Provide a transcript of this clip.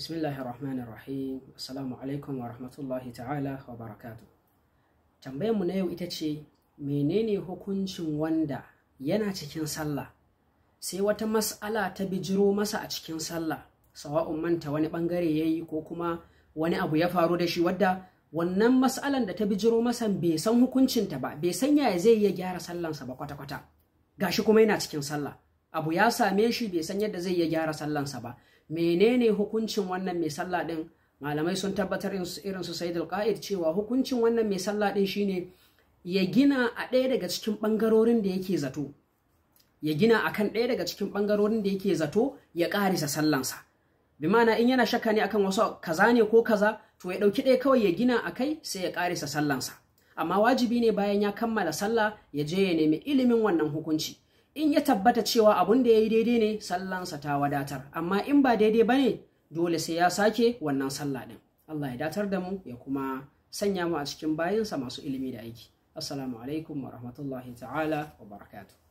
bismillahir rahmanir rahim assalamu alaikum wa rahmatullahi ta'ala wa barakatu tambayar mu na yau ita ce menene hukuncin wanda yana cikin sallah sai wata mas'ala ta bijiro masa a cikin sallah sawa'un manta wani bangare yayi ko kuma wani abu ya faru da shi wadda wannan mas'alan da ta bijiro masa bai san hukuncinta ba bai san yaya zai iya gyara sallansa ba kwata-kwata gashi kuma yana cikin sallah abu ya same shi bai san yadda zai iya gyara sallansa ba menene hukuncin wannan mai sallah din malamai sun tabbatar irin su sayyidul qa'id cewa hukuncin wannan mai sallah din shine ya gina a ɗaya daga cikin ɓangarorin da yake zato ya gina akan ɗaya daga cikin ɓangarorin da yake zato ya karisa sallansa bi ma'ana in yana shakka ne akan wasu kaza ne ko kaza to ya ɗauki ɗaya kawai ya gina a kai sai ya karisa sallansa amma wajibi ne bayan ya kammala sallah ya je ya nemi ilimin wannan hukunci in ya tabbata cewa abun da ya yi daidai ne sallansa ta wadatar amma in ba daidai ba ne dole sai ya sake wannan sallah din Allah ya datar da mu ya kuma sanya mu a cikin bayinsa masu ilimi da aiki assalamu alaikum wa rahmatullahi ta'ala wa barakatuh